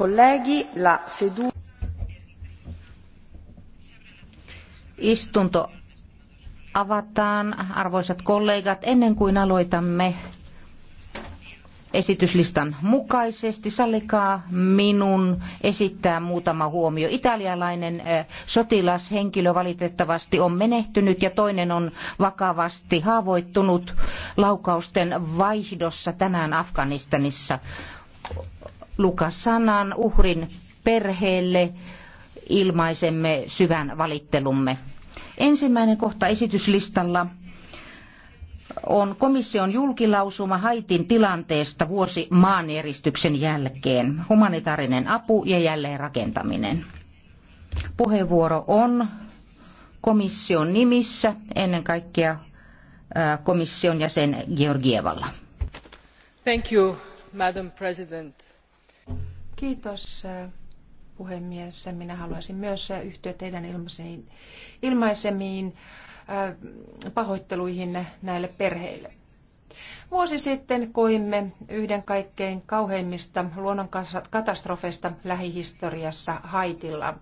colleghi, la seduta... Istunto avataan, arvoisat kollegat, ennen kuin aloitamme esityslistan mukaisesti. Sallikaa minun esittää muutama huomio. Italialainen sotilashenkilö valitettavasti on menehtynyt ja toinen on vakavasti haavoittunut laukausten vaihdossa tänään Afganistanissa. Lukas sanan uhrin perheelle ilmaisemme syvän valittelumme. Ensimmäinen kohta esityslistalla on komission julkilausuma Haitin tilanteesta vuosi maanjäristyksen jälkeen, humanitaarinen apu ja jälleenrakentaminen. Puheenvuoro on komission nimissä, ennen kaikkea komission jäsen Georgievalla. Thank you, Madam President. Kiitos puhemies. Minä haluaisin myös yhtyä teidän ilmaisemiin äh, pahoitteluihin näille perheille. Vuosi sitten koimme yhden kaikkein kauheimmista luonnonkatastrofeista lähihistoriassa Haitilla.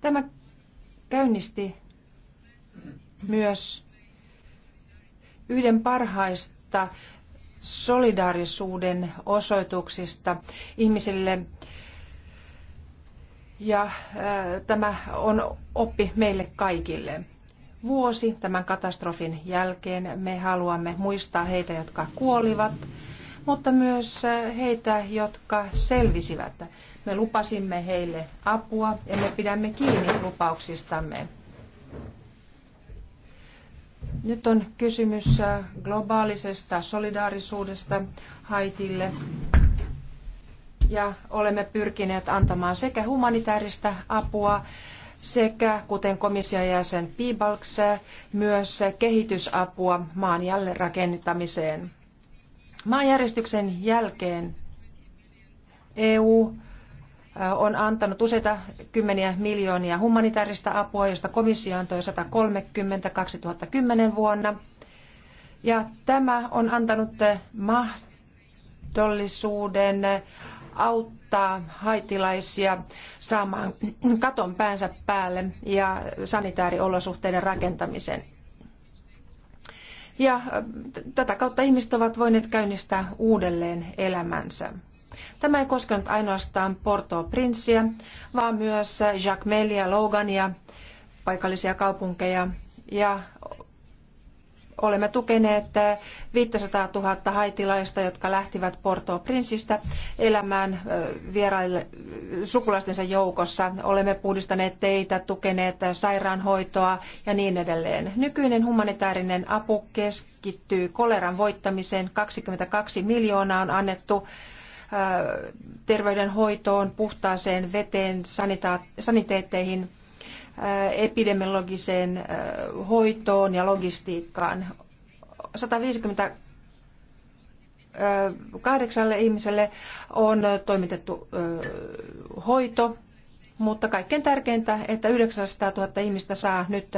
Tämä käynnisti myös yhden parhaista solidaarisuuden osoituksista ihmisille. Ja äh, tämä on oppi meille kaikille. Vuosi tämän katastrofin jälkeen me haluamme muistaa heitä, jotka kuolivat, mutta myös äh, heitä, jotka selvisivät. Me lupasimme heille apua ja me pidämme kiinni lupauksistamme. Nyt on kysymys äh, globaalisesta solidaarisuudesta Haitille. Ja olemme pyrkineet antamaan sekä humanitaarista apua sekä, kuten komission jäsen Piibalks, äh, myös kehitysapua maan jälleenrakentamiseen. Maanjärjestyksen jälkeen EU on antanut useita kymmeniä miljoonia humanitaarista apua, josta komissio antoi 130 2010 vuonna. Ja tämä on antanut mahdollisuuden auttaa haitilaisia saamaan katon päänsä päälle ja sanitaariolosuhteiden rakentamisen. Ja tätä kautta ihmiset ovat voineet käynnistää uudelleen elämänsä. Tämä ei koskenut ainoastaan Porto Princea, vaan myös Jacques Melia, Logania, paikallisia kaupunkeja ja olemme tukeneet 500 000 haitilaista, jotka lähtivät Porto Prinsistä elämään vieraille sukulaistensa joukossa. Olemme puhdistaneet teitä, tukeneet sairaanhoitoa ja niin edelleen. Nykyinen humanitaarinen apu keskittyy koleran voittamiseen. 22 miljoonaa on annettu Äh, terveydenhoitoon, puhtaaseen veteen, saniteetteihin, äh, epidemiologiseen äh, hoitoon ja logistiikkaan. 158 ihmiselle on toimitettu hoito, mutta kaikkein tärkeintä, että 900 000 ihmistä saa nyt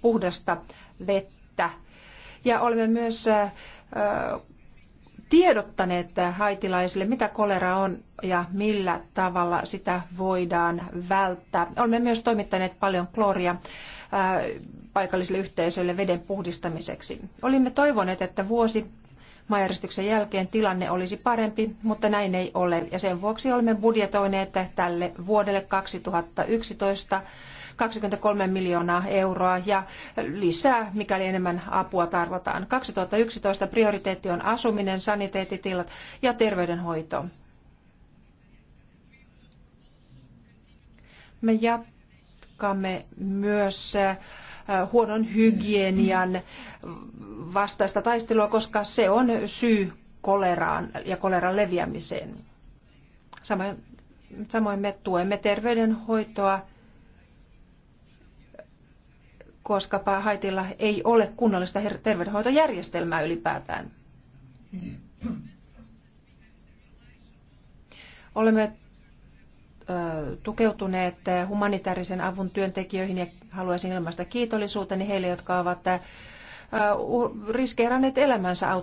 puhdasta vettä. Ja olemme myös tiedottaneet haitilaisille, mitä kolera on ja millä tavalla sitä voidaan välttää. Olemme myös toimittaneet paljon kloria äh, paikallisille yhteisöille veden puhdistamiseksi. Olimme toivoneet, että vuosi maanjäristyksen jälkeen tilanne olisi parempi, mutta näin ei ole. Ja sen vuoksi olemme budjetoineet tälle vuodelle 2011 23 miljoonaa euroa ja lisää, mikäli enemmän apua tarvitaan. 2011 prioriteetti on asuminen, saniteettitilat ja terveydenhoito. Me jatkamme myös huonon hygienian vastaista taistelua, koska se on syy koleraan ja koleran leviämiseen. Samoin, samoin me tuemme terveydenhoitoa, koska Haitilla ei ole kunnollista terveydenhoitojärjestelmää ylipäätään. Olemme tukeutuneet humanitaarisen avun työntekijöihin ja haluaisin ilmaista kiitollisuuteni heille, jotka ovat riskeeranneet elämänsä